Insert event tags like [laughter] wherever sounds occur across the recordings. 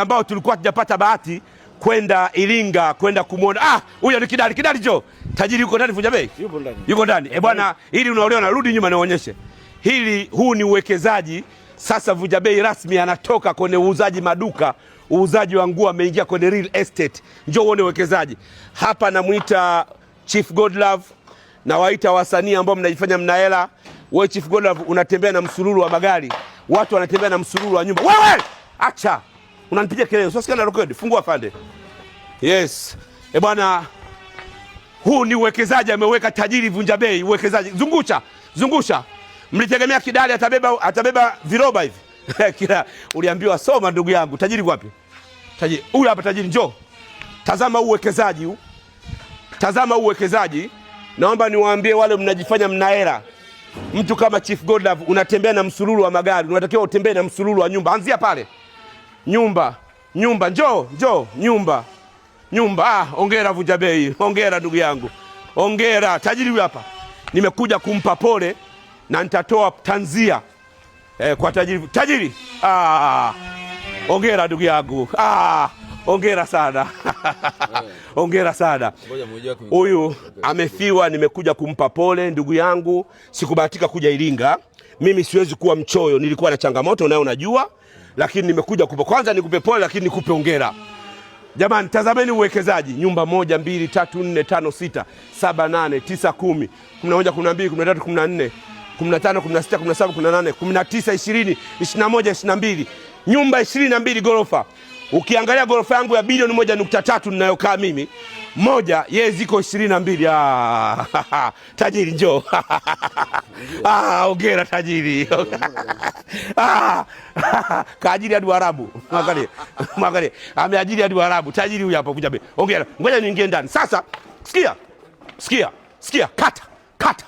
ambao tulikuwa tujapata bahati kwenda Iringa kwenda kumwona. Ah, huyo ni Kidali. Kidali jo tajiri, yuko ndani, vunja bei yuko ndani, yuko ndani. Eh, bwana, hili unaolewa, rudi nyuma naonyeshe. hili. Huu ni uwekezaji sasa. Vunja bei rasmi anatoka kwenye uuzaji maduka, uuzaji wa nguo, ameingia kwenye real estate. Njoo uone uwekezaji hapa. namuita Chief Godlove, na waita wasanii ambao mnajifanya mnahela. Wewe Chief Godlove unatembea na msururu wa magari, watu wanatembea na msururu wa nyumba. Wewe acha unanipiga kelele, unasikia na record. Fungua afande. Yes. Eh, bwana huu ni uwekezaji, ameweka tajiri vunja bei, uwekezaji. Zungusha, zungusha. Mlitegemea kidali atabeba atabeba viroba hivi. [laughs] Kila uliambiwa soma, ndugu yangu. Tajiri wapi? Tajiri. Huyu hapa tajiri, njoo. Tazama uwekezaji huu. Tazama uwekezaji. Naomba niwaambie wale mnajifanya mna hela. Mtu kama Chief Godlove unatembea na msururu wa magari, unatakiwa utembee na msururu wa nyumba. Anzia pale nyumba nyumba, njo njo nyumba nyumba. Ah, ongera Vuja Bei, ongera ndugu yangu, ongera tajiri huyu hapa. Nimekuja kumpa pole na nitatoa tanzia eh, kwa tajiri tajiri. Ah, ongera ndugu yangu ah, ongera sana [laughs] ongera sana. Huyu amefiwa, nimekuja kumpa pole ndugu yangu. Sikubahatika kuja Iringa, mimi siwezi kuwa mchoyo, nilikuwa na changamoto nayo, unajua lakini nimekuja kupa. Kwanza nikupe pole, lakini nikupe ongera. Jamani, tazameni uwekezaji nyumba moja, mbili, tatu, nne, tano, sita, saba, nane, tisa, kumi, kumi na moja, kumi na mbili, kumi na tatu, kumi na nne, kumi na tano, kumi na sita, kumi na saba, kumi na nane, kumi na tisa, ishirini, ishirini na moja, ishirini na mbili, nyumba ishirini na mbili ghorofa. Ukiangalia ghorofa yangu ya bilioni moja nukta tatu ninayokaa mimi moja ye ziko ishirini na mbili. Ah, [laughs] tajiri njo [laughs] ah, ongera tajiri [laughs] ah, kaajiri hadi Waarabu, mwangalie mwangalie, ameajiri hadi Waarabu. Tajiri huyu hapo, kuja be, ongera. Ngoja niingie ndani sasa. Sikia, sikia, sikia, kata kata.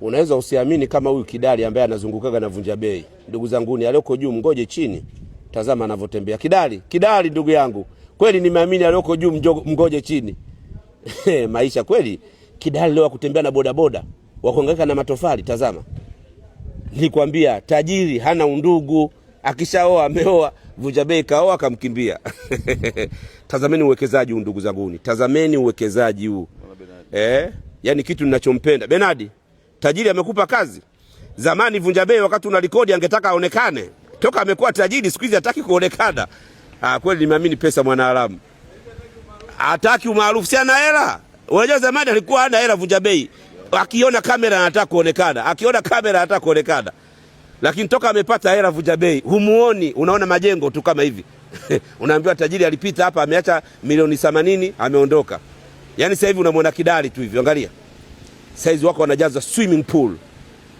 Unaweza usiamini kama huyu Kidali ambaye anazungukaga na vunja bei, ndugu zanguni, alioko juu mgoje chini, tazama anavyotembea Kidali. Kidali ndugu yangu Kweli nimeamini alioko juu mgoje chini. [laughs] Eh, maisha kweli kidali leo kutembea na bodaboda wakuangaika na matofali. Tazama, nikwambia tajiri hana undugu, akishaoa ameoa, vujabei kaoa akamkimbia. [laughs] Tazameni uwekezaji huu ndugu zanguni, tazameni uwekezaji huu eh, yani kitu ninachompenda Benadi. Tajiri amekupa kazi zamani, vunjabei wakati una rekodi angetaka aonekane, toka amekuwa tajiri siku hizi hataki kuonekana. Ah, kweli nimeamini pesa mwana haramu. Hataki umaarufu, si ana hela. Unajua zamani alikuwa ana hela vunja bei. Akiona kamera anataka kuonekana. Akiona kamera anataka kuonekana. Lakini toka amepata hela vunja bei, humuoni, unaona majengo tu kama hivi. [laughs] Unaambiwa tajiri alipita hapa ameacha milioni 80 ameondoka. Yaani sasa hivi unamwona kidali tu hivi, angalia. Saizi wako wanajaza swimming pool.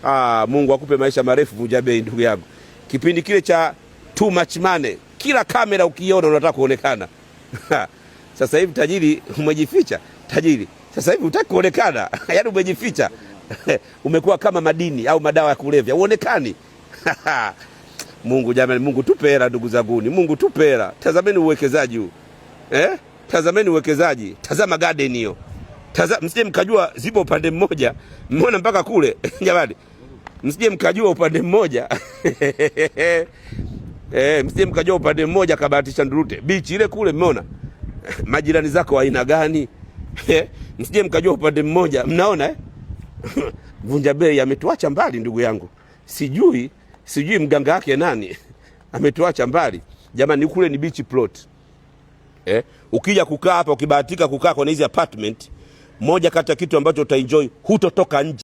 Ah, Mungu akupe maisha marefu vunja bei ndugu yangu. Kipindi kile cha too much money kila kamera ukiona unataka kuonekana. [laughs] Sasa hivi tajiri umejificha, tajiri sasa hivi hutaki kuonekana [laughs] yaani umejificha [laughs] umekuwa kama madini au madawa ya kulevya, uonekani. Mungu jamani, Mungu tupe hela ndugu zanguni, Mungu tupe hela. Tazameni uwekezaji huu eh? Tazameni uwekezaji, tazama garden hiyo, msije mkajua zipo upande mmoja, mmeona mpaka kule jamani, msije mkajua upande mmoja eh, msije mkajua upande mmoja akabahatisha ndurute. Bichi ile kule mmeona [laughs] majirani zako aina gani? [laughs] Eh, msije mkajua upande mmoja, mnaona eh? [laughs] Vunja bei ametuacha mbali ndugu yangu, sijui sijui mganga wake nani ametuacha mbali jamani. Kule ni beach plot eh. Ukija kukaa hapa, ukibahatika kukaa kwenye hizi apartment, moja kati ya kitu ambacho utaenjoy, hutotoka nje.